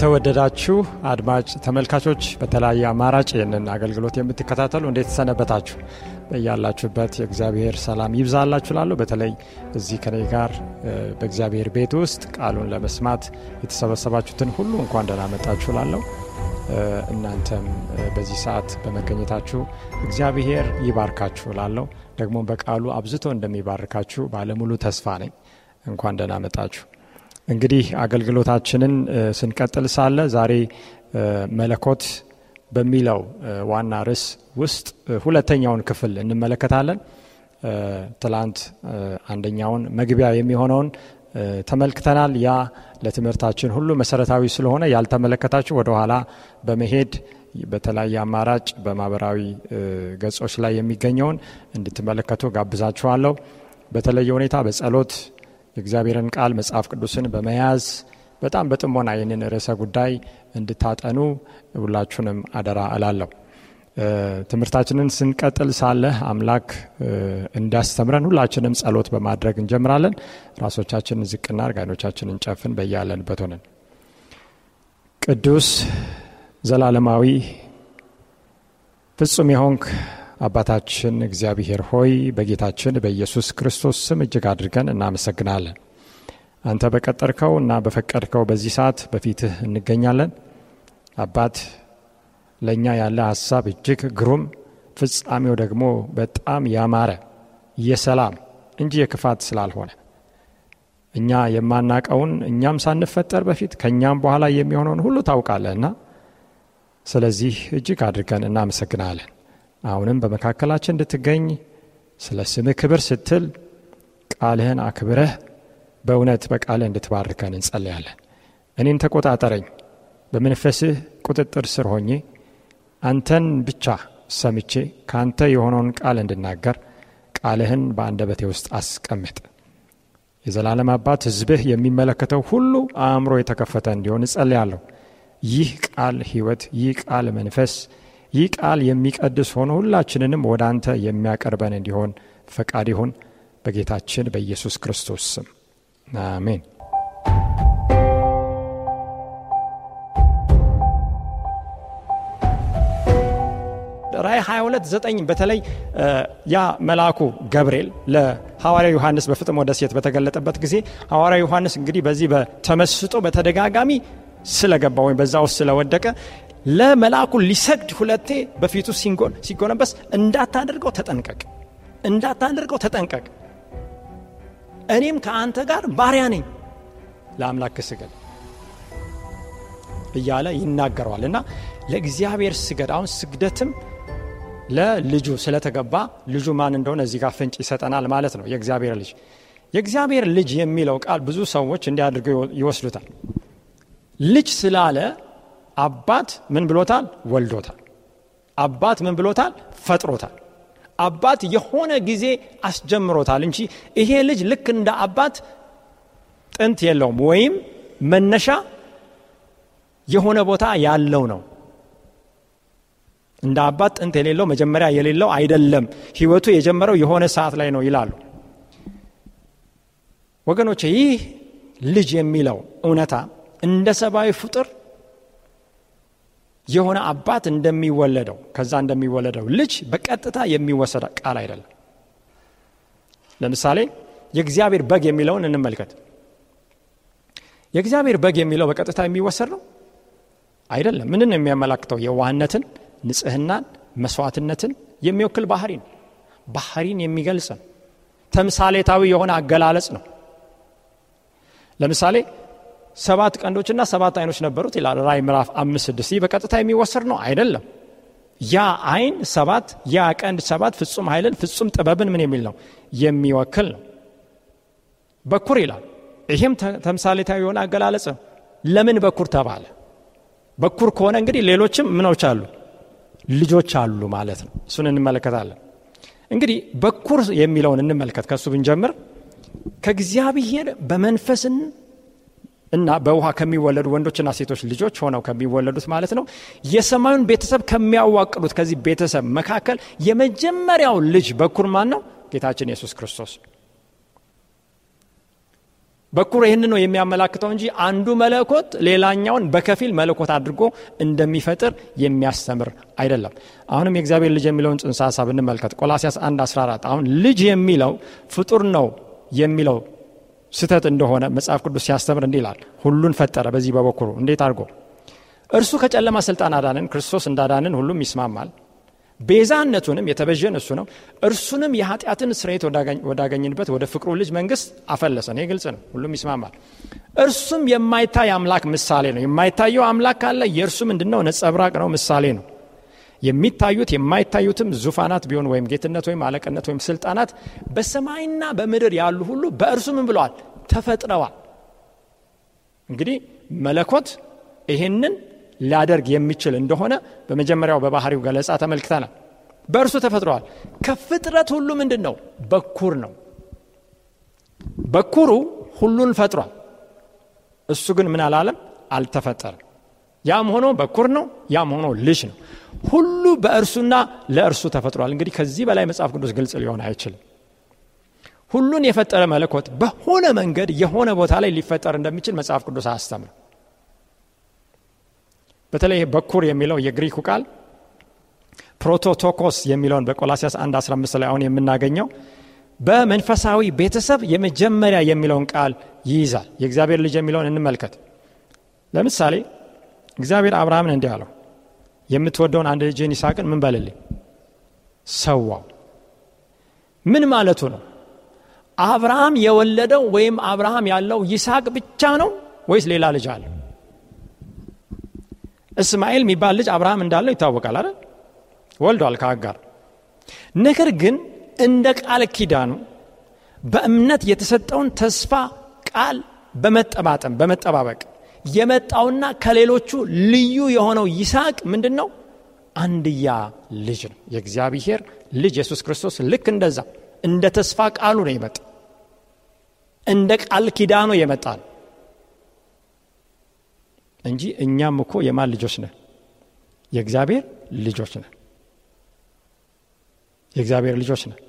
የተወደዳችሁ አድማጭ ተመልካቾች በተለያየ አማራጭ ይህንን አገልግሎት የምትከታተሉ እንዴት ሰነበታችሁ? በያላችሁበት የእግዚአብሔር ሰላም ይብዛላችሁ። ላለሁ በተለይ እዚህ ከኔ ጋር በእግዚአብሔር ቤት ውስጥ ቃሉን ለመስማት የተሰበሰባችሁትን ሁሉ እንኳን ደህና መጣችሁ እናንተም በዚህ ሰዓት በመገኘታችሁ እግዚአብሔር ይባርካችሁ ላለው ደግሞ በቃሉ አብዝቶ እንደሚባርካችሁ ባለሙሉ ተስፋ ነኝ። እንኳን ደህና መጣችሁ። እንግዲህ አገልግሎታችንን ስንቀጥል ሳለ ዛሬ መለኮት በሚለው ዋና ርዕስ ውስጥ ሁለተኛውን ክፍል እንመለከታለን። ትላንት አንደኛውን መግቢያ የሚሆነውን ተመልክተናል። ያ ለትምህርታችን ሁሉ መሰረታዊ ስለሆነ ያልተመለከታችሁ ወደኋላ በመሄድ በተለያየ አማራጭ በማህበራዊ ገጾች ላይ የሚገኘውን እንድትመለከቱ ጋብዛችኋለሁ። በተለየ ሁኔታ በጸሎት የእግዚአብሔርን ቃል መጽሐፍ ቅዱስን በመያዝ በጣም በጥሞና ይህንን ርዕሰ ጉዳይ እንድታጠኑ ሁላችሁንም አደራ እላለሁ። ትምህርታችንን ስንቀጥል ሳለ አምላክ እንዲያስተምረን ሁላችንም ጸሎት በማድረግ እንጀምራለን። ራሶቻችንን ዝቅና አድርገን እንጨፍን ጨፍን በያለንበት ሆነን ቅዱስ ዘላለማዊ ፍጹም የሆንክ አባታችን እግዚአብሔር ሆይ በጌታችን በኢየሱስ ክርስቶስ ስም እጅግ አድርገን እናመሰግናለን። አንተ በቀጠርከው እና በፈቀድከው በዚህ ሰዓት በፊትህ እንገኛለን። አባት ለእኛ ያለ ሀሳብ እጅግ ግሩም፣ ፍጻሜው ደግሞ በጣም ያማረ የሰላም እንጂ የክፋት ስላልሆነ እኛ የማናቀውን እኛም ሳንፈጠር በፊት ከእኛም በኋላ የሚሆነውን ሁሉ ታውቃለህና ስለዚህ እጅግ አድርገን እናመሰግናለን። አሁንም በመካከላችን እንድትገኝ ስለ ስም ክብር ስትል ቃልህን አክብረህ በእውነት በቃል እንድትባርከን እንጸልያለን። እኔን ተቆጣጠረኝ። በመንፈስህ ቁጥጥር ስር ሆኜ አንተን ብቻ ሰምቼ ከአንተ የሆነውን ቃል እንድናገር ቃልህን በአንደበቴ ውስጥ አስቀምጥ። የዘላለም አባት ህዝብህ የሚመለከተው ሁሉ አእምሮ የተከፈተ እንዲሆን እጸልያለሁ። ይህ ቃል ህይወት ይህ ቃል መንፈስ ይህ ቃል የሚቀድስ ሆኖ ሁላችንንም ወደ አንተ የሚያቀርበን እንዲሆን ፈቃድ ይሁን። በጌታችን በኢየሱስ ክርስቶስ ስም አሜን። ራእይ 22 9 በተለይ ያ መልአኩ ገብርኤል ለሐዋርያ ዮሐንስ በፍጥሞ ደሴት በተገለጠበት ጊዜ ሐዋርያ ዮሐንስ እንግዲህ በዚህ በተመስጦ በተደጋጋሚ ስለገባ ወይም በዛ ውስጥ ስለወደቀ ለመልአኩ ሊሰግድ ሁለቴ በፊቱ ሲንጎን ሲጎነበስ እንዳታደርገው ተጠንቀቅ፣ እንዳታደርገው ተጠንቀቅ። እኔም ከአንተ ጋር ባሪያ ነኝ፣ ለአምላክ ስገድ እያለ ይናገረዋል እና ለእግዚአብሔር ስገድ። አሁን ስግደትም ለልጁ ስለተገባ ልጁ ማን እንደሆነ እዚህ ጋር ፍንጭ ይሰጠናል ማለት ነው። የእግዚአብሔር ልጅ የእግዚአብሔር ልጅ የሚለው ቃል ብዙ ሰዎች እንዲህ ይወስዱታል። ልጅ ስላለ አባት ምን ብሎታል? ወልዶታል። አባት ምን ብሎታል? ፈጥሮታል። አባት የሆነ ጊዜ አስጀምሮታል እንጂ ይሄ ልጅ ልክ እንደ አባት ጥንት የለውም ወይም መነሻ የሆነ ቦታ ያለው ነው። እንደ አባት ጥንት የሌለው መጀመሪያ የሌለው አይደለም። ህይወቱ የጀመረው የሆነ ሰዓት ላይ ነው ይላሉ ወገኖቼ። ይህ ልጅ የሚለው እውነታ እንደ ሰብአዊ ፍጥር የሆነ አባት እንደሚወለደው ከዛ እንደሚወለደው ልጅ በቀጥታ የሚወሰድ ቃል አይደለም። ለምሳሌ የእግዚአብሔር በግ የሚለውን እንመልከት። የእግዚአብሔር በግ የሚለው በቀጥታ የሚወሰድ ነው አይደለም። ምንን የሚያመላክተው? የዋህነትን፣ ንጽህናን፣ መስዋዕትነትን የሚወክል ባህሪ ነው። ባህሪን የሚገልጽ ነው። ተምሳሌታዊ የሆነ አገላለጽ ነው። ለምሳሌ ሰባት ቀንዶችና ሰባት አይኖች ነበሩት ይላል ራይ ምዕራፍ አምስት ስድስት ይህ በቀጥታ የሚወሰድ ነው አይደለም ያ አይን ሰባት ያ ቀንድ ሰባት ፍጹም ኃይልን ፍጹም ጥበብን ምን የሚል ነው የሚወክል ነው በኩር ይላል ይህም ተምሳሌታዊ የሆነ አገላለጽ ነው ለምን በኩር ተባለ በኩር ከሆነ እንግዲህ ሌሎችም ምኖች አሉ ልጆች አሉ ማለት ነው እሱን እንመለከታለን እንግዲህ በኩር የሚለውን እንመልከት ከእሱ ብንጀምር ከእግዚአብሔር በመንፈስን እና በውሃ ከሚወለዱ ወንዶችና ሴቶች ልጆች ሆነው ከሚወለዱት ማለት ነው የሰማዩን ቤተሰብ ከሚያዋቅሉት ከዚህ ቤተሰብ መካከል የመጀመሪያው ልጅ በኩር ማን ነው? ጌታችን የሱስ ክርስቶስ በኩር ይህን ነው የሚያመላክተው እንጂ አንዱ መለኮት ሌላኛውን በከፊል መለኮት አድርጎ እንደሚፈጥር የሚያስተምር አይደለም። አሁንም የእግዚአብሔር ልጅ የሚለውን ጽንሰ ሀሳብ እንመልከት። ቆላሲያስ 1 14 አሁን ልጅ የሚለው ፍጡር ነው የሚለው ስተት እንደሆነ መጽሐፍ ቅዱስ ሲያስተምር እንዲ ይላል። ሁሉን ፈጠረ በዚህ በበኩሉ እንዴት አድርጎ እርሱ ከጨለማ ስልጣን አዳንን። ክርስቶስ እንዳዳንን ሁሉም ይስማማል። ቤዛነቱንም የተበዥን እሱ ነው። እርሱንም የኃጢአትን ስርየት ወዳገኝንበት ወደ ፍቅሩ ልጅ መንግስት አፈለሰን። ይህ ግልጽ ነው፣ ሁሉም ይስማማል። እርሱም የማይታይ አምላክ ምሳሌ ነው። የማይታየው አምላክ ካለ የእርሱ ምንድነው ነጸብራቅ ነው፣ ምሳሌ ነው። የሚታዩት የማይታዩትም ዙፋናት ቢሆን ወይም ጌትነት ወይም አለቅነት ወይም ስልጣናት በሰማይና በምድር ያሉ ሁሉ በእርሱ ምን ብለዋል? ተፈጥረዋል። እንግዲህ መለኮት ይህንን ሊያደርግ የሚችል እንደሆነ በመጀመሪያው በባህሪው ገለጻ ተመልክተናል። በእርሱ ተፈጥረዋል። ከፍጥረት ሁሉ ምንድን ነው? በኩር ነው። በኩሩ ሁሉን ፈጥሯል። እሱ ግን ምን አላለም? አልተፈጠረም። ያም ሆኖ በኩር ነው፣ ያም ሆኖ ልጅ ነው። ሁሉ በእርሱና ለእርሱ ተፈጥሯል። እንግዲህ ከዚህ በላይ መጽሐፍ ቅዱስ ግልጽ ሊሆን አይችልም። ሁሉን የፈጠረ መለኮት በሆነ መንገድ የሆነ ቦታ ላይ ሊፈጠር እንደሚችል መጽሐፍ ቅዱስ አያስተምርም። በተለይ በኩር የሚለው የግሪኩ ቃል ፕሮቶቶኮስ የሚለውን በቆላሲያስ 1 15 ላይ አሁን የምናገኘው በመንፈሳዊ ቤተሰብ የመጀመሪያ የሚለውን ቃል ይይዛል። የእግዚአብሔር ልጅ የሚለውን እንመልከት። ለምሳሌ እግዚአብሔር አብርሃምን እንዲህ አለው የምትወደውን አንድ ልጅን ይስሐቅን ምን በልልኝ ሰዋው ምን ማለቱ ነው አብርሃም የወለደው ወይም አብርሃም ያለው ይስሐቅ ብቻ ነው ወይስ ሌላ ልጅ አለ እስማኤል የሚባል ልጅ አብርሃም እንዳለው ይታወቃል አይደል ወልዷል ከአጋር ነገር ግን እንደ ቃል ኪዳኑ በእምነት የተሰጠውን ተስፋ ቃል በመጠባጠም በመጠባበቅ የመጣውና ከሌሎቹ ልዩ የሆነው ይስሐቅ ምንድን ነው? አንድያ ልጅ ነው። የእግዚአብሔር ልጅ ኢየሱስ ክርስቶስ ልክ እንደዛ እንደ ተስፋ ቃሉ ነው የመጣ እንደ ቃል ኪዳኑ የመጣ ነው እንጂ እኛም እኮ የማን ልጆች ነን? የእግዚአብሔር ልጆች ነን። የእግዚአብሔር ልጆች ነን።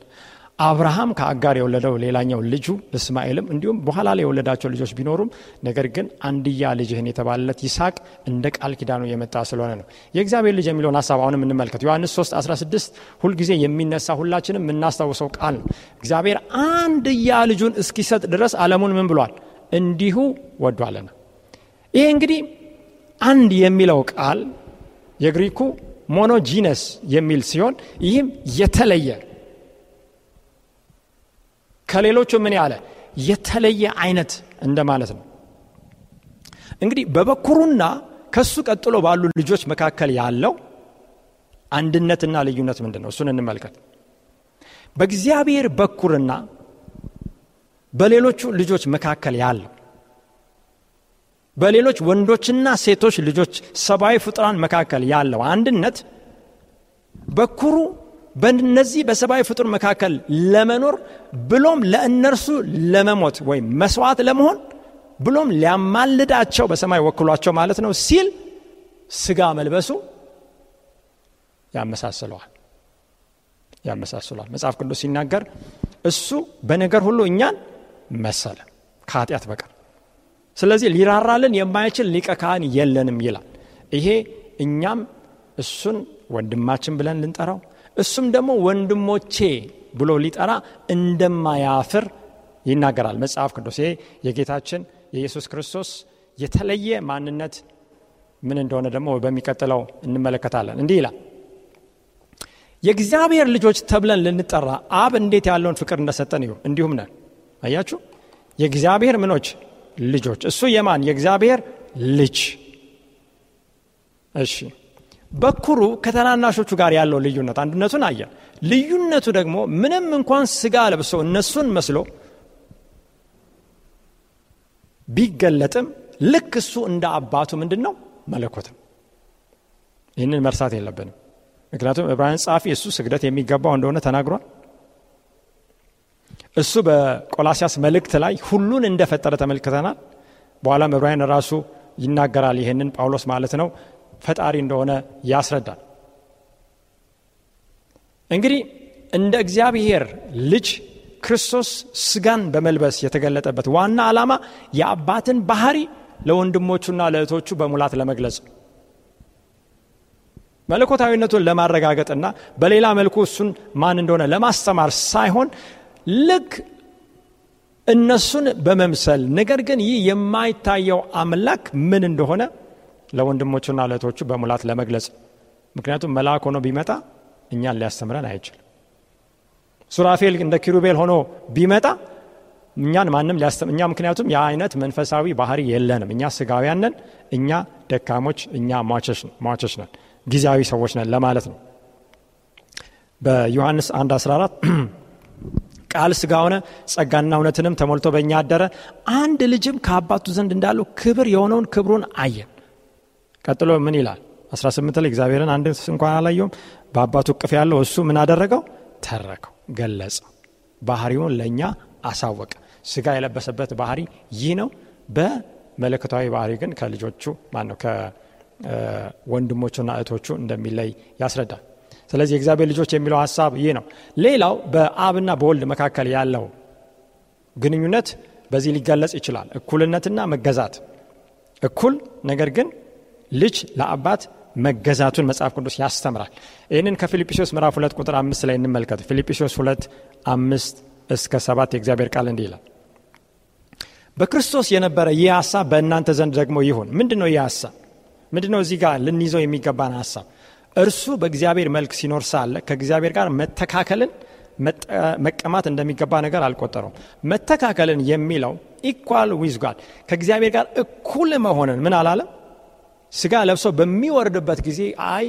አብርሃም ከአጋር የወለደው ሌላኛው ልጁ እስማኤልም እንዲሁም በኋላ ላይ የወለዳቸው ልጆች ቢኖሩም ነገር ግን አንድያ ልጅህን የተባለለት ይስቅ እንደ ቃል ኪዳኑ የመጣ ስለሆነ ነው። የእግዚአብሔር ልጅ የሚለውን ሀሳብ አሁንም እንመልከት። ዮሐንስ 3 16 ሁልጊዜ የሚነሳ ሁላችንም የምናስታውሰው ቃል ነው። እግዚአብሔር አንድያ ልጁን እስኪሰጥ ድረስ አለሙን ምን ብሏል? እንዲሁ ወዷልና። ይሄ እንግዲህ አንድ የሚለው ቃል የግሪኩ ሞኖጂነስ የሚል ሲሆን ይህም የተለየ ከሌሎቹ ምን ያለ የተለየ አይነት እንደማለት ነው እንግዲህ በበኩሩና ከሱ ቀጥሎ ባሉ ልጆች መካከል ያለው አንድነትና ልዩነት ምንድን ነው እሱን እንመልከት በእግዚአብሔር በኩርና በሌሎቹ ልጆች መካከል ያለው በሌሎች ወንዶችና ሴቶች ልጆች ሰብአዊ ፍጥራን መካከል ያለው አንድነት በኩሩ በእነዚህ በሰብአዊ ፍጡር መካከል ለመኖር ብሎም ለእነርሱ ለመሞት ወይም መስዋዕት ለመሆን ብሎም ሊያማልዳቸው በሰማይ ወክሏቸው ማለት ነው ሲል ስጋ መልበሱ ያመሳስለዋል ያመሳስሏል መጽሐፍ ቅዱስ ሲናገር እሱ በነገር ሁሉ እኛን መሰለ ከኃጢአት በቀር ስለዚህ ሊራራልን የማይችል ሊቀ ካህን የለንም ይላል ይሄ እኛም እሱን ወንድማችን ብለን ልንጠራው እሱም ደግሞ ወንድሞቼ ብሎ ሊጠራ እንደማያፍር ይናገራል መጽሐፍ ቅዱስ። የጌታችን የኢየሱስ ክርስቶስ የተለየ ማንነት ምን እንደሆነ ደግሞ በሚቀጥለው እንመለከታለን። እንዲህ ይላል የእግዚአብሔር ልጆች ተብለን ልንጠራ አብ እንዴት ያለውን ፍቅር እንደሰጠን እዩ። እንዲሁም ነን። አያችሁ፣ የእግዚአብሔር ምኖች ልጆች። እሱ የማን የእግዚአብሔር ልጅ። እሺ በኩሩ ከተናናሾቹ ጋር ያለው ልዩነት አንድነቱን አየን። ልዩነቱ ደግሞ ምንም እንኳን ስጋ ለብሶ እነሱን መስሎ ቢገለጥም ልክ እሱ እንደ አባቱ ምንድን ነው መለኮትም። ይህንን መርሳት የለብንም። ምክንያቱም ዕብራውያን ጸሐፊ እሱ ስግደት የሚገባው እንደሆነ ተናግሯል። እሱ በቆላሲያስ መልእክት ላይ ሁሉን እንደፈጠረ ተመልክተናል። በኋላም ዕብራውያን ራሱ ይናገራል። ይህንን ጳውሎስ ማለት ነው ፈጣሪ እንደሆነ ያስረዳል። እንግዲህ እንደ እግዚአብሔር ልጅ ክርስቶስ ስጋን በመልበስ የተገለጠበት ዋና ዓላማ የአባትን ባህሪ ለወንድሞቹና ለእህቶቹ በሙላት ለመግለጽ መለኮታዊነቱን ለማረጋገጥና በሌላ መልኩ እሱን ማን እንደሆነ ለማስተማር ሳይሆን ልክ እነሱን በመምሰል ነገር ግን ይህ የማይታየው አምላክ ምን እንደሆነ ለወንድሞቹና ለቶቹ በሙላት ለመግለጽ ምክንያቱም መልአክ ሆኖ ቢመጣ እኛን ሊያስተምረን አይችልም። ሱራፌል እንደ ኪሩቤል ሆኖ ቢመጣ እኛን ማንም ሊያስተምር እኛ ምክንያቱም ያ አይነት መንፈሳዊ ባህሪ የለንም። እኛ ስጋውያን ነን። እኛ ደካሞች፣ እኛ ሟቾች ነን፣ ጊዜያዊ ሰዎች ነን ለማለት ነው። በዮሐንስ 1 14 ቃል ስጋ ሆነ ጸጋና እውነትንም ተሞልቶ በእኛ አደረ፣ አንድ ልጅም ከአባቱ ዘንድ እንዳለው ክብር የሆነውን ክብሩን አየን ቀጥሎ ምን ይላል 18 ላይ እግዚአብሔርን አንድ እንኳን አላየውም በአባቱ እቅፍ ያለው እሱ ምን አደረገው ተረከው ገለጸ ባህሪውን ለእኛ አሳወቀ ስጋ የለበሰበት ባህሪ ይህ ነው በመለኮታዊ ባህሪ ግን ከልጆቹ ማነው ከወንድሞቹና እህቶቹ እንደሚለይ ያስረዳል ስለዚህ የእግዚአብሔር ልጆች የሚለው ሀሳብ ይህ ነው ሌላው በአብና በወልድ መካከል ያለው ግንኙነት በዚህ ሊገለጽ ይችላል እኩልነትና መገዛት እኩል ነገር ግን ልጅ ለአባት መገዛቱን መጽሐፍ ቅዱስ ያስተምራል። ይህንን ከፊልጵስዎስ ምዕራፍ ሁለት ቁጥር አምስት ላይ እንመልከት። ፊልጵስዎስ ሁለት አምስት እስከ ሰባት የእግዚአብሔር ቃል እንዲህ ይላል በክርስቶስ የነበረ ይህ ሀሳብ በእናንተ ዘንድ ደግሞ ይሁን። ምንድን ነው ይህ ሀሳብ? ምንድ ነው እዚህ ጋር ልንይዘው የሚገባን ሀሳብ? እርሱ በእግዚአብሔር መልክ ሲኖር ሳለ ከእግዚአብሔር ጋር መተካከልን መቀማት እንደሚገባ ነገር አልቆጠረውም። መተካከልን የሚለው ኢኳል ዊዝ ጋድ ከእግዚአብሔር ጋር እኩል መሆንን ምን አላለም ስጋ ለብሶ በሚወርድበት ጊዜ አይ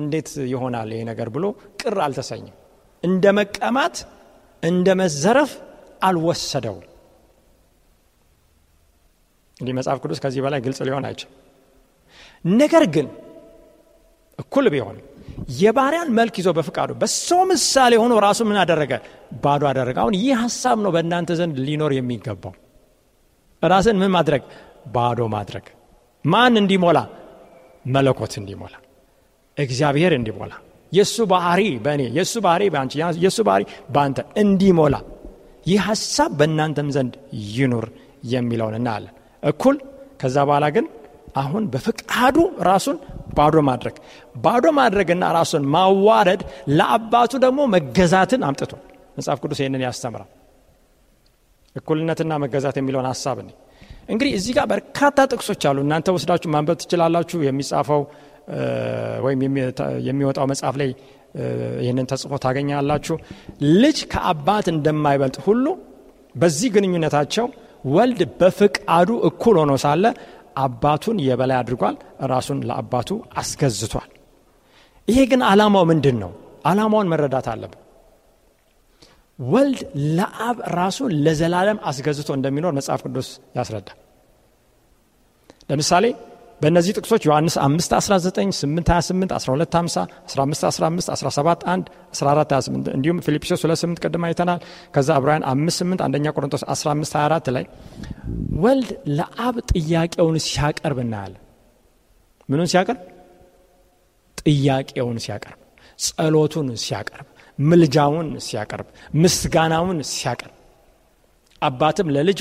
እንዴት ይሆናል ይሄ ነገር ብሎ ቅር አልተሰኘም። እንደ መቀማት እንደ መዘረፍ አልወሰደውም። እንዲህ መጽሐፍ ቅዱስ ከዚህ በላይ ግልጽ ሊሆን አይችል። ነገር ግን እኩል ቢሆን የባሪያን መልክ ይዞ በፍቃዱ በሰው ምሳሌ ሆኖ ራሱ ምን አደረገ? ባዶ አደረገ። አሁን ይህ ሀሳብ ነው በእናንተ ዘንድ ሊኖር የሚገባው ራስን ምን ማድረግ? ባዶ ማድረግ ማን እንዲሞላ? መለኮት እንዲሞላ፣ እግዚአብሔር እንዲሞላ፣ የእሱ ባህሪ በእኔ የእሱ ባህሪ በአንቺ የእሱ ባህሪ በአንተ እንዲሞላ ይህ ሀሳብ በእናንተም ዘንድ ይኑር የሚለውን እናያለን። እኩል ከዛ በኋላ ግን አሁን በፈቃዱ ራሱን ባዶ ማድረግ ባዶ ማድረግና ራሱን ማዋረድ ለአባቱ ደግሞ መገዛትን አምጥቶ መጽሐፍ ቅዱስ ይህንን ያስተምራል። እኩልነትና መገዛት የሚለውን ሀሳብ እንግዲህ እዚህ ጋር በርካታ ጥቅሶች አሉ። እናንተ ወስዳችሁ ማንበብ ትችላላችሁ። የሚጻፈው ወይም የሚወጣው መጽሐፍ ላይ ይህንን ተጽፎ ታገኛላችሁ። ልጅ ከአባት እንደማይበልጥ ሁሉ በዚህ ግንኙነታቸው ወልድ በፍቃዱ እኩል ሆኖ ሳለ አባቱን የበላይ አድርጓል፣ ራሱን ለአባቱ አስገዝቷል። ይሄ ግን አላማው ምንድን ነው? አላማውን መረዳት አለብን። ወልድ ለአብ ራሱን ለዘላለም አስገዝቶ እንደሚኖር መጽሐፍ ቅዱስ ያስረዳል። ለምሳሌ በእነዚህ ጥቅሶች ዮሐንስ 5 19 8 28 12 50 15 15 17 1 14 28 እንዲሁም ፊልጵሶስ 28 8 ቅድም አይተናል። ከዛ ዕብራውያን 5 8 አንደኛ ቆሮንቶስ 15 24 ላይ ወልድ ለአብ ጥያቄውን ሲያቀርብ እናያለን። ምኑን ሲያቀርብ? ጥያቄውን ሲያቀርብ፣ ጸሎቱን ሲያቀርብ ምልጃውን ሲያቀርብ፣ ምስጋናውን ሲያቀርብ፣ አባትም ለልጁ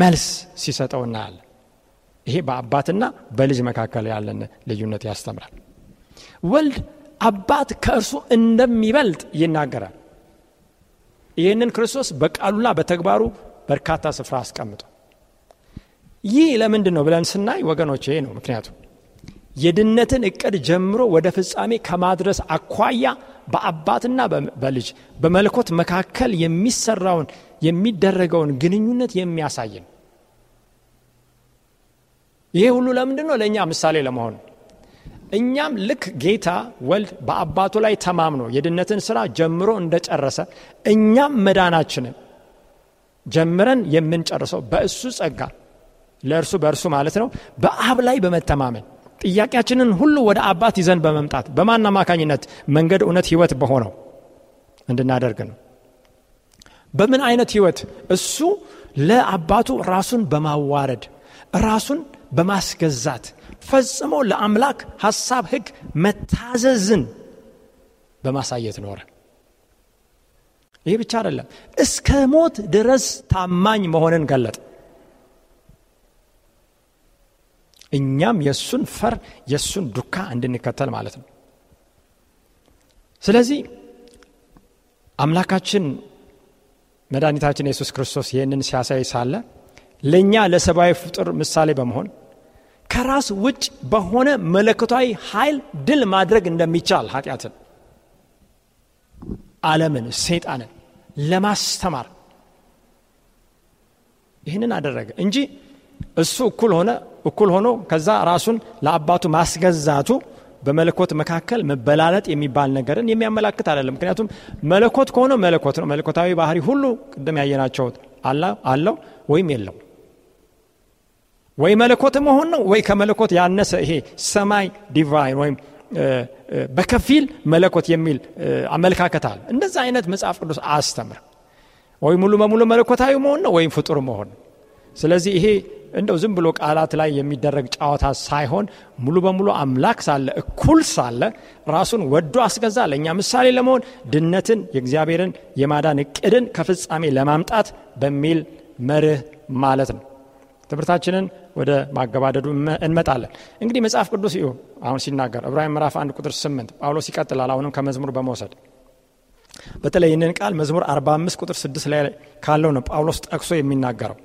መልስ ሲሰጠው እናያለ ይሄ በአባትና በልጅ መካከል ያለን ልዩነት ያስተምራል። ወልድ አባት ከእርሱ እንደሚበልጥ ይናገራል። ይህንን ክርስቶስ በቃሉና በተግባሩ በርካታ ስፍራ አስቀምጦ ይህ ለምንድን ነው ብለን ስናይ ወገኖች ይሄ ነው ምክንያቱም የድነትን እቅድ ጀምሮ ወደ ፍጻሜ ከማድረስ አኳያ በአባትና በልጅ በመልኮት መካከል የሚሰራውን የሚደረገውን ግንኙነት የሚያሳይን ይሄ ሁሉ ለምንድ ነው? ለእኛ ምሳሌ ለመሆን እኛም ልክ ጌታ ወልድ በአባቱ ላይ ተማምኖ የድነትን ስራ ጀምሮ እንደጨረሰ እኛም መዳናችንን ጀምረን የምንጨርሰው በእሱ ጸጋ ለእርሱ በእርሱ ማለት ነው በአብ ላይ በመተማመን ጥያቄያችንን ሁሉ ወደ አባት ይዘን በመምጣት በማን አማካኝነት መንገድ እውነት ህይወት በሆነው እንድናደርግ ነው በምን አይነት ህይወት እሱ ለአባቱ ራሱን በማዋረድ ራሱን በማስገዛት ፈጽሞ ለአምላክ ሐሳብ ህግ መታዘዝን በማሳየት ኖረ ይህ ብቻ አይደለም እስከ ሞት ድረስ ታማኝ መሆንን ገለጠ እኛም የእሱን ፈር የእሱን ዱካ እንድንከተል ማለት ነው። ስለዚህ አምላካችን መድኃኒታችን ኢየሱስ ክርስቶስ ይህንን ሲያሳይ ሳለ ለእኛ ለሰብአዊ ፍጡር ምሳሌ በመሆን ከራስ ውጭ በሆነ መለኮታዊ ኃይል ድል ማድረግ እንደሚቻል ኃጢአትን፣ ዓለምን፣ ሰይጣንን ለማስተማር ይህንን አደረገ እንጂ እሱ እኩል ሆነ እኩል ሆኖ ከዛ ራሱን ለአባቱ ማስገዛቱ በመለኮት መካከል መበላለጥ የሚባል ነገርን የሚያመላክት አይደለም። ምክንያቱም መለኮት ከሆነ መለኮት ነው። መለኮታዊ ባህሪ ሁሉ ቅድም ያየናቸው አለው ወይም የለው። ወይ መለኮት መሆን ነው ወይ ከመለኮት ያነሰ ይሄ ሰማይ ዲቫይን ወይም በከፊል መለኮት የሚል አመለካከት አለ። እንደዛ አይነት መጽሐፍ ቅዱስ አያስተምር። ወይ ሙሉ በሙሉ መለኮታዊ መሆን ነው ወይም ፍጡር መሆን ነው። ስለዚህ ይሄ እንደው ዝም ብሎ ቃላት ላይ የሚደረግ ጨዋታ ሳይሆን ሙሉ በሙሉ አምላክ ሳለ እኩል ሳለ ራሱን ወዶ አስገዛ ለእኛ ምሳሌ ለመሆን ድነትን የእግዚአብሔርን የማዳን እቅድን ከፍጻሜ ለማምጣት በሚል መርህ ማለት ነው። ትምህርታችንን ወደ ማገባደዱ እንመጣለን። እንግዲህ መጽሐፍ ቅዱስ ይሁ አሁን ሲናገር ዕብራውያን ምዕራፍ 1 ቁጥር 8 ጳውሎስ ይቀጥላል። አሁንም ከመዝሙር በመውሰድ በተለይ ይህንን ቃል መዝሙር 45 ቁጥር 6 ላይ ካለው ነው ጳውሎስ ጠቅሶ የሚናገረው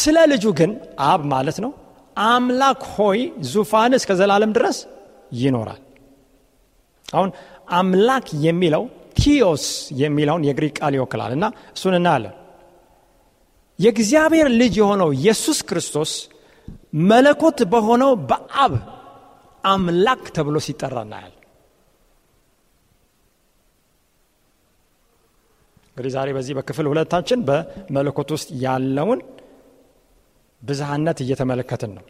ስለ ልጁ ግን አብ ማለት ነው አምላክ ሆይ ዙፋን እስከ ዘላለም ድረስ ይኖራል። አሁን አምላክ የሚለው ቲዮስ የሚለውን የግሪክ ቃል ይወክላል እና እሱን እናያለን። የእግዚአብሔር ልጅ የሆነው ኢየሱስ ክርስቶስ መለኮት በሆነው በአብ አምላክ ተብሎ ሲጠራ እናያል። እንግዲህ ዛሬ በዚህ በክፍል ሁለታችን በመለኮት ውስጥ ያለውን ብዝሃነት እየተመለከትን ነው።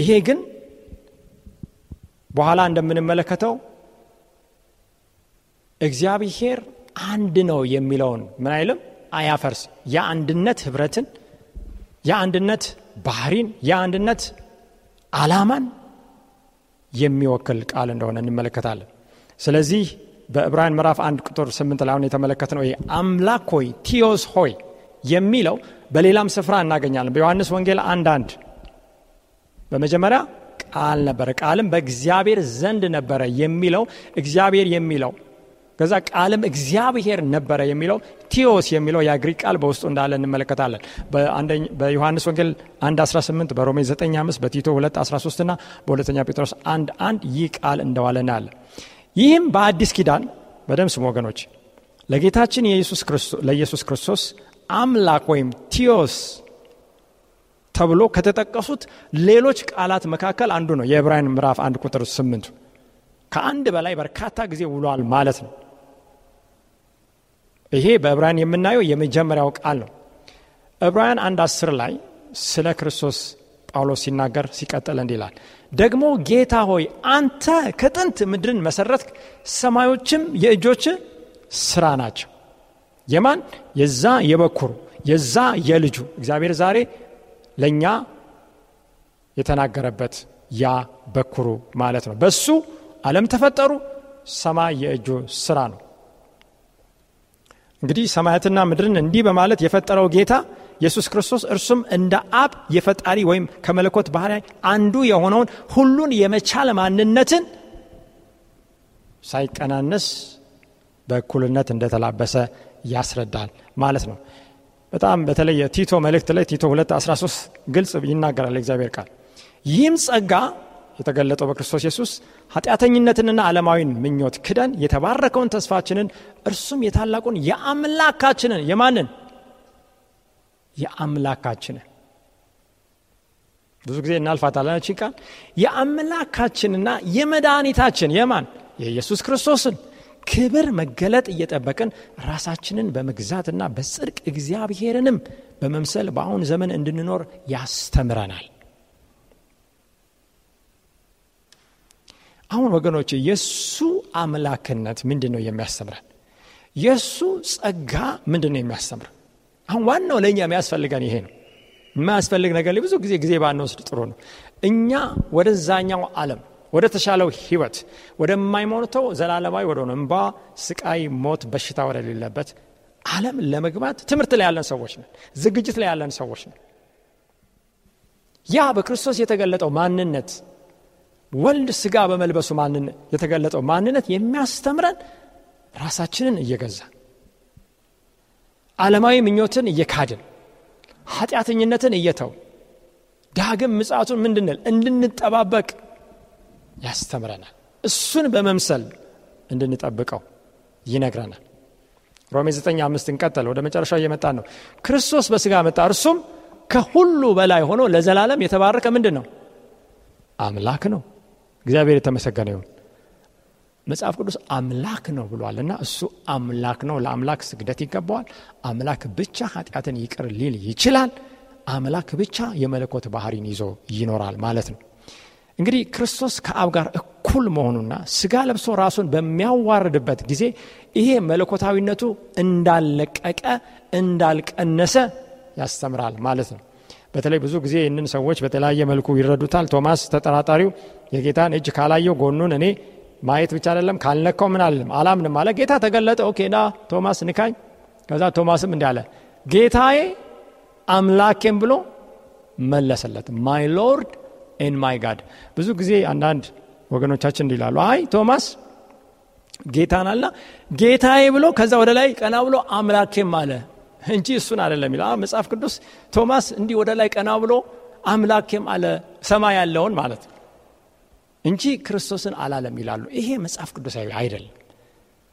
ይሄ ግን በኋላ እንደምንመለከተው እግዚአብሔር አንድ ነው የሚለውን ምን አይልም አያፈርስ። የአንድነት ህብረትን፣ የአንድነት ባህሪን፣ የአንድነት አላማን የሚወክል ቃል እንደሆነ እንመለከታለን። ስለዚህ በዕብራን ምዕራፍ አንድ ቁጥር ስምንት ላይ አሁን የተመለከትነው አምላክ ሆይ ቲዮስ ሆይ የሚለው በሌላም ስፍራ እናገኛለን። በዮሐንስ ወንጌል አንድ አንድ በመጀመሪያ ቃል ነበረ፣ ቃልም በእግዚአብሔር ዘንድ ነበረ የሚለው እግዚአብሔር የሚለው ከዛ ቃልም እግዚአብሔር ነበረ የሚለው ቲዮስ የሚለው የግሪክ ቃል በውስጡ እንዳለ እንመለከታለን። በዮሐንስ ወንጌል 1 18 በሮሜ 9 5 በቲቶ 2 13 ና በሁለተኛ ጴጥሮስ 1 1 ይህ ቃል እንደዋለ እናያለን። ይህም በአዲስ ኪዳን በደም ወገኖች ለጌታችን ለኢየሱስ ክርስቶስ አምላክ ወይም ቲዮስ ተብሎ ከተጠቀሱት ሌሎች ቃላት መካከል አንዱ ነው። የዕብራይን ምዕራፍ አንድ ቁጥር ስምንቱ ከአንድ በላይ በርካታ ጊዜ ውሏል ማለት ነው። ይሄ በዕብራይን የምናየው የመጀመሪያው ቃል ነው። ዕብራያን አንድ አስር ላይ ስለ ክርስቶስ ጳውሎስ ሲናገር ሲቀጥል እንዲህ ይላል፣ ደግሞ ጌታ ሆይ አንተ ከጥንት ምድርን መሰረት፣ ሰማዮችም የእጆች ስራ ናቸው። የማን የዛ የበኩሩ የዛ የልጁ እግዚአብሔር ዛሬ ለእኛ የተናገረበት ያ በኩሩ ማለት ነው። በሱ አለም ተፈጠሩ። ሰማይ የእጁ ስራ ነው። እንግዲህ ሰማያትና ምድርን እንዲህ በማለት የፈጠረው ጌታ ኢየሱስ ክርስቶስ እርሱም እንደ አብ የፈጣሪ ወይም ከመለኮት ባህሪ አንዱ የሆነውን ሁሉን የመቻል ማንነትን ሳይቀናነስ በእኩልነት እንደተላበሰ ያስረዳል ማለት ነው። በጣም በተለይ የቲቶ መልእክት ላይ ቲቶ 213 ግልጽ ይናገራል እግዚአብሔር ቃል። ይህም ጸጋ የተገለጠው በክርስቶስ ኢየሱስ ኃጢአተኝነትንና ዓለማዊን ምኞት ክደን የተባረከውን ተስፋችንን እርሱም የታላቁን የአምላካችንን የማንን የአምላካችንን ብዙ ጊዜ እናልፋታለን ቃል የአምላካችንና የመድኃኒታችን የማን የኢየሱስ ክርስቶስን ክብር መገለጥ እየጠበቅን ራሳችንን በመግዛትና በጽድቅ እግዚአብሔርንም በመምሰል በአሁን ዘመን እንድንኖር ያስተምረናል። አሁን ወገኖች የእሱ አምላክነት ምንድን ነው የሚያስተምረን? የእሱ ጸጋ ምንድን ነው የሚያስተምር? አሁን ዋናው ለእኛ የሚያስፈልገን ይሄ ነው። የማያስፈልግ ነገር ብዙ ጊዜ ጊዜ ባንወስድ ጥሩ ነው። እኛ ወደዛኛው ዓለም ወደ ተሻለው ህይወት ወደማይሞተው ዘላለማዊ ወደሆነ እንባ፣ ስቃይ፣ ሞት፣ በሽታ ወደሌለበት አለም ለመግባት ትምህርት ላይ ያለን ሰዎች ነን። ዝግጅት ላይ ያለን ሰዎች ነን። ያ በክርስቶስ የተገለጠው ማንነት ወልድ ስጋ በመልበሱ ማንነት የተገለጠው ማንነት የሚያስተምረን ራሳችንን እየገዛ ዓለማዊ ምኞትን እየካድን ኃጢአተኝነትን እየተው ዳግም ምጽቱን ምንድንል እንድንጠባበቅ ያስተምረናል እሱን በመምሰል እንድንጠብቀው ይነግረናል ሮሜ 9 አምስት እንቀጠል ወደ መጨረሻ እየመጣን ነው ክርስቶስ በስጋ መጣ እርሱም ከሁሉ በላይ ሆኖ ለዘላለም የተባረከ ምንድን ነው አምላክ ነው እግዚአብሔር የተመሰገነ ይሁን መጽሐፍ ቅዱስ አምላክ ነው ብሏል እና እሱ አምላክ ነው ለአምላክ ስግደት ይገባዋል አምላክ ብቻ ኃጢአትን ይቅር ሊል ይችላል አምላክ ብቻ የመለኮት ባህሪን ይዞ ይኖራል ማለት ነው እንግዲህ ክርስቶስ ከአብ ጋር እኩል መሆኑና ስጋ ለብሶ ራሱን በሚያዋርድበት ጊዜ ይሄ መለኮታዊነቱ እንዳልለቀቀ እንዳልቀነሰ ያስተምራል ማለት ነው። በተለይ ብዙ ጊዜ ይህንን ሰዎች በተለያየ መልኩ ይረዱታል። ቶማስ ተጠራጣሪው የጌታን እጅ ካላየው ጎኑን እኔ ማየት ብቻ አይደለም ካልነካው ምን አለም አላምንም አለ። ጌታ ተገለጠ። ኦኬ ና ቶማስ ንካኝ። ከዛ ቶማስም እንዲ አለ ጌታዬ አምላኬም ብሎ መለሰለት ማይ ሎርድ ኤን ማይ ጋድ። ብዙ ጊዜ አንዳንድ ወገኖቻችን እንዲላሉ አይ ቶማስ ጌታን አልና ጌታዬ ብሎ ከዛ ወደ ላይ ቀና ብሎ አምላኬም አለ እንጂ እሱን አይደለም ይላል መጽሐፍ ቅዱስ። ቶማስ እንዲህ ወደ ላይ ቀና ብሎ አምላኬም አለ ሰማይ ያለውን ማለት ነው እንጂ ክርስቶስን አላለም ይላሉ። ይሄ መጽሐፍ ቅዱሳዊ አይደለም።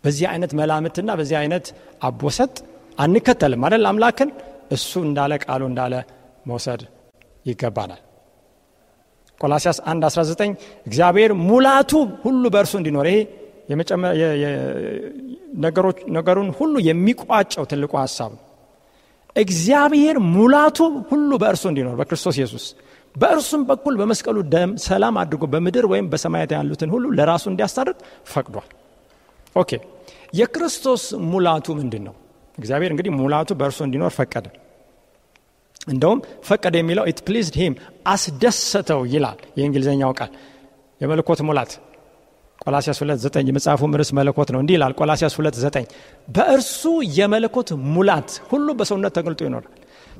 በዚህ አይነት መላምትና በዚህ አይነት አቦሰጥ አንከተልም አደል አምላክን እሱ እንዳለ ቃሉ እንዳለ መውሰድ ይገባናል። ቆላሲያስ 1 19 እግዚአብሔር ሙላቱ ሁሉ በእርሱ እንዲኖር ይሄ ነገሩን ሁሉ የሚቋጨው ትልቁ ሀሳብ ነው። እግዚአብሔር ሙላቱ ሁሉ በእርሱ እንዲኖር በክርስቶስ ኢየሱስ በእርሱም በኩል በመስቀሉ ደም ሰላም አድርጎ በምድር ወይም በሰማያት ያሉትን ሁሉ ለራሱ እንዲያስታርቅ ፈቅዷል። ኦኬ የክርስቶስ ሙላቱ ምንድን ነው? እግዚአብሔር እንግዲህ ሙላቱ በእርሱ እንዲኖር ፈቀደ። እንደውም ፈቀደ የሚለው ኢት ፕሊዝድ ሂም አስደሰተው ይላል የእንግሊዝኛው ቃል የመልኮት ሙላት ቆላሲያስ 29 የመጽሐፉ ምርስ መለኮት ነው እንዲህ ይላል ቆላሲያስ 29 በእርሱ የመለኮት ሙላት ሁሉ በሰውነት ተገልጦ ይኖራል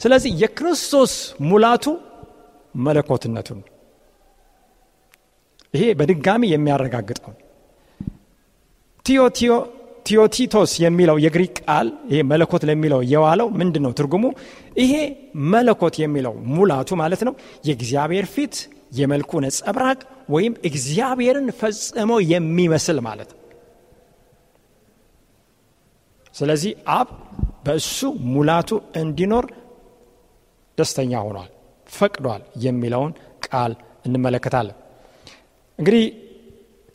ስለዚህ የክርስቶስ ሙላቱ መለኮትነቱ ነው ይሄ በድጋሚ የሚያረጋግጠው ቲዮ ቲዮ ቲዮቲቶስ የሚለው የግሪክ ቃል ይሄ መለኮት ለሚለው የዋለው ምንድን ነው ትርጉሙ? ይሄ መለኮት የሚለው ሙላቱ ማለት ነው የእግዚአብሔር ፊት የመልኩ ነጸብራቅ ወይም እግዚአብሔርን ፈጽሞ የሚመስል ማለት ነው። ስለዚህ አብ በእሱ ሙላቱ እንዲኖር ደስተኛ ሆኗል፣ ፈቅዷል የሚለውን ቃል እንመለከታለን እንግዲህ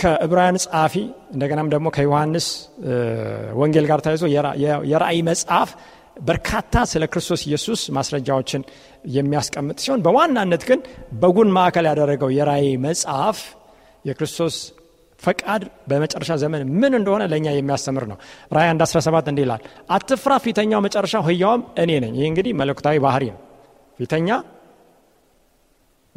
ከዕብራውያን ጸሐፊ እንደገናም ደግሞ ከዮሐንስ ወንጌል ጋር ተያይዞ የራእይ መጽሐፍ በርካታ ስለ ክርስቶስ ኢየሱስ ማስረጃዎችን የሚያስቀምጥ ሲሆን በዋናነት ግን በጉን ማዕከል ያደረገው የራእይ መጽሐፍ የክርስቶስ ፈቃድ በመጨረሻ ዘመን ምን እንደሆነ ለእኛ የሚያስተምር ነው። ራይ 117 17 ይላል፣ አትፍራ፣ ፊተኛው መጨረሻ ህያውም እኔ ነኝ። ይህ እንግዲህ መለኮታዊ ባህሪ ነው። ፊተኛ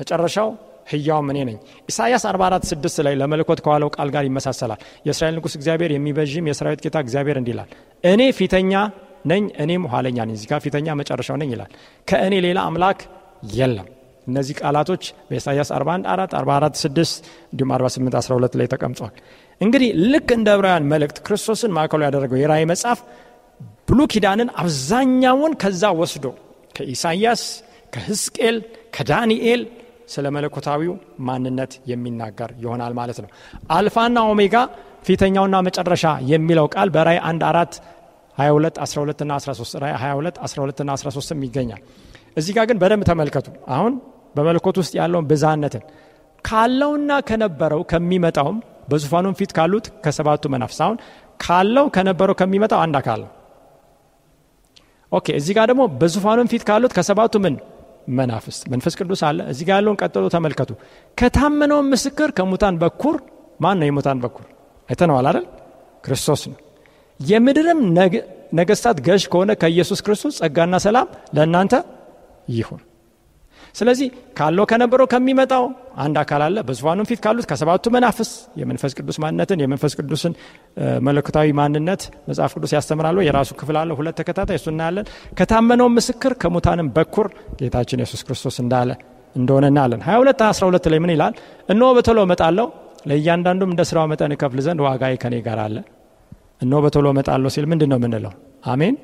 መጨረሻው ህያው እኔ ነኝ ኢሳያስ 44 6 ላይ ለመልኮት ከዋለው ቃል ጋር ይመሳሰላል የእስራኤል ንጉስ እግዚአብሔር የሚበዥም የሰራዊት ጌታ እግዚአብሔር እንዲላል እኔ ፊተኛ ነኝ እኔም ኋለኛ ነኝ እዚህ ፊተኛ መጨረሻው ነኝ ይላል ከእኔ ሌላ አምላክ የለም እነዚህ ቃላቶች በኢሳያስ 41 4 44 6 እንዲሁም 48 12 ላይ ተቀምጠዋል እንግዲህ ልክ እንደ ዕብራውያን መልእክት ክርስቶስን ማዕከሉ ያደረገው የራይ መጽሐፍ ብሉ ኪዳንን አብዛኛውን ከዛ ወስዶ ከኢሳያስ ከህዝቅኤል ከዳንኤል ስለ መለኮታዊው ማንነት የሚናገር ይሆናል ማለት ነው። አልፋና ኦሜጋ ፊተኛውና መጨረሻ የሚለው ቃል በራይ አንድ አራት 22 12ና 13 ራይ 22 12ና 13 ይገኛል። እዚህ ጋር ግን በደንብ ተመልከቱ። አሁን በመለኮት ውስጥ ያለውን ብዛነትን ካለውና ከነበረው ከሚመጣውም በዙፋኑም ፊት ካሉት ከሰባቱ መናፍስት አሁን ካለው ከነበረው ከሚመጣው አንድ አካል ነው። ኦኬ እዚህ ጋር ደግሞ በዙፋኑም ፊት ካሉት ከሰባቱ ምን መናፍስት መንፈስ ቅዱስ አለ። እዚህ ጋር ያለውን ቀጥሎ ተመልከቱ። ከታመነውን ምስክር ከሙታን በኩር ማን ነው? የሙታን በኩር አይተነዋል አይደል? ክርስቶስ ነው። የምድርም ነገስታት ገዥ ከሆነ ከኢየሱስ ክርስቶስ ጸጋና ሰላም ለእናንተ ይሁን። ስለዚህ ካለው ከነበረው ከሚመጣው አንድ አካል አለ። በዙፋኑም ፊት ካሉት ከሰባቱ መናፍስ የመንፈስ ቅዱስ ማንነትን የመንፈስ ቅዱስን መለክታዊ ማንነት መጽሐፍ ቅዱስ ያስተምራል። የራሱ ክፍል አለው። ሁለት ተከታታይ እሱ እናያለን። ከታመነው ምስክር ከሙታንም በኩር ጌታችን ኢየሱስ ክርስቶስ እንዳለ እንደሆነ እናያለን። 22 12 ላይ ምን ይላል? እኖ በቶሎ መጣለው ለእያንዳንዱም እንደ ስራው መጠን እከፍል ዘንድ ዋጋዬ ከኔ ጋር አለ። እኖ በቶሎ መጣለው ሲል ምንድን ነው የምንለው? አሜን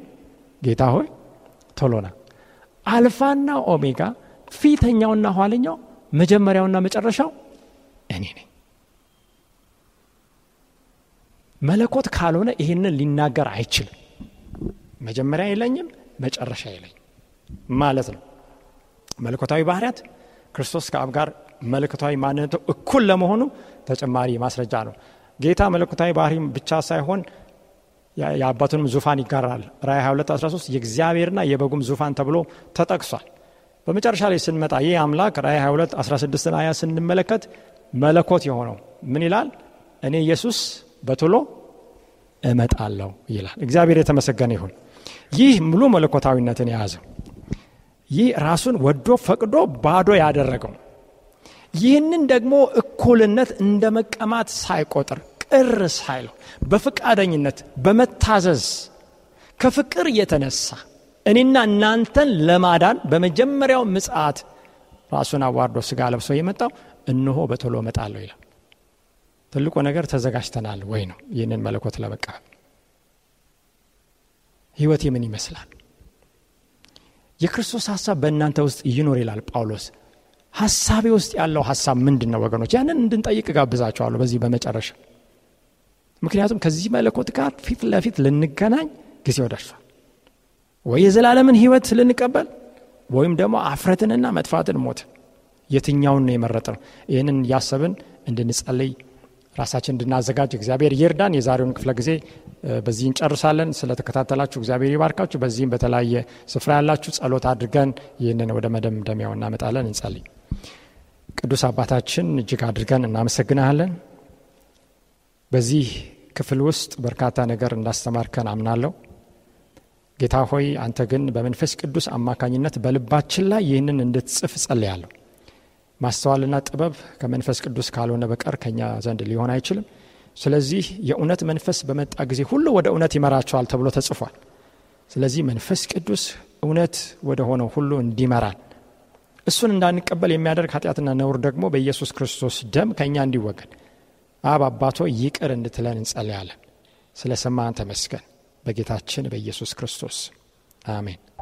ጌታ ሆይ ቶሎና አልፋና ኦሜጋ ፊተኛውና ኋለኛው መጀመሪያውና መጨረሻው እኔ ነኝ። መለኮት ካልሆነ ይህንን ሊናገር አይችልም። መጀመሪያ የለኝም፣ መጨረሻ የለኝም ማለት ነው። መለኮታዊ ባህርያት ክርስቶስ ከአብ ጋር መለኮታዊ ማንነቱ እኩል ለመሆኑ ተጨማሪ ማስረጃ ነው። ጌታ መለኮታዊ ባህሪ ብቻ ሳይሆን የአባቱንም ዙፋን ይጋራል። ራእይ 22 13 የእግዚአብሔርና የበጉም ዙፋን ተብሎ ተጠቅሷል። በመጨረሻ ላይ ስንመጣ ይህ አምላክ ራይ 22 16 አያ ስንመለከት መለኮት የሆነው ምን ይላል? እኔ ኢየሱስ በቶሎ እመጣለሁ ይላል። እግዚአብሔር የተመሰገነ ይሁን። ይህ ሙሉ መለኮታዊነትን የያዘ ይህ ራሱን ወዶ ፈቅዶ ባዶ ያደረገው ይህንን ደግሞ እኩልነት እንደ መቀማት ሳይቆጥር ቅር ሳይለው በፈቃደኝነት በመታዘዝ ከፍቅር የተነሳ እኔና እናንተን ለማዳን በመጀመሪያው ምጽአት ራሱን አዋርዶ ስጋ ለብሶ የመጣው እንሆ በቶሎ መጣለሁ ይላል። ትልቁ ነገር ተዘጋጅተናል ወይ ነው። ይህንን መለኮት ለመቀበል ህይወቴ ምን ይመስላል? የክርስቶስ ሀሳብ በእናንተ ውስጥ ይኖር ይላል ጳውሎስ። ሀሳቤ ውስጥ ያለው ሀሳብ ምንድን ነው ወገኖች? ያንን እንድንጠይቅ ጋብዛቸዋለሁ በዚህ በመጨረሻ ምክንያቱም ከዚህ መለኮት ጋር ፊት ለፊት ልንገናኝ ጊዜው ደርሷል። ወይ የዘላለምን ህይወት ልንቀበል ወይም ደግሞ አፍረትንና መጥፋትን ሞት የትኛውን ነው ነው ይህንን እያሰብን እንድንጸልይ ራሳችን እንድናዘጋጅ እግዚአብሔር ይርዳን። የዛሬውን ክፍለ ጊዜ በዚህ እንጨርሳለን። ስለተከታተላችሁ እግዚአብሔር ይባርካችሁ። በዚህም በተለያየ ስፍራ ያላችሁ ጸሎት አድርገን ይህንን ወደ መደምደሚያው እናመጣለን። እንጸልይ። ቅዱስ አባታችን እጅግ አድርገን እናመሰግናለን። በዚህ ክፍል ውስጥ በርካታ ነገር እንዳስተማርከን አምናለሁ። ጌታ ሆይ አንተ ግን በመንፈስ ቅዱስ አማካኝነት በልባችን ላይ ይህንን እንድትጽፍ ጸልያለሁ። ማስተዋልና ጥበብ ከመንፈስ ቅዱስ ካልሆነ በቀር ከኛ ዘንድ ሊሆን አይችልም። ስለዚህ የእውነት መንፈስ በመጣ ጊዜ ሁሉ ወደ እውነት ይመራቸዋል ተብሎ ተጽፏል። ስለዚህ መንፈስ ቅዱስ እውነት ወደ ሆነው ሁሉ እንዲመራን እሱን እንዳንቀበል የሚያደርግ ኃጢአትና ነውር ደግሞ በኢየሱስ ክርስቶስ ደም ከእኛ እንዲወገድ አብ አባቶ ይቅር እንድትለን እንጸልያለን። ስለ ሰማን ተመስገን። በጌታችን በኢየሱስ ክርስቶስ አሜን።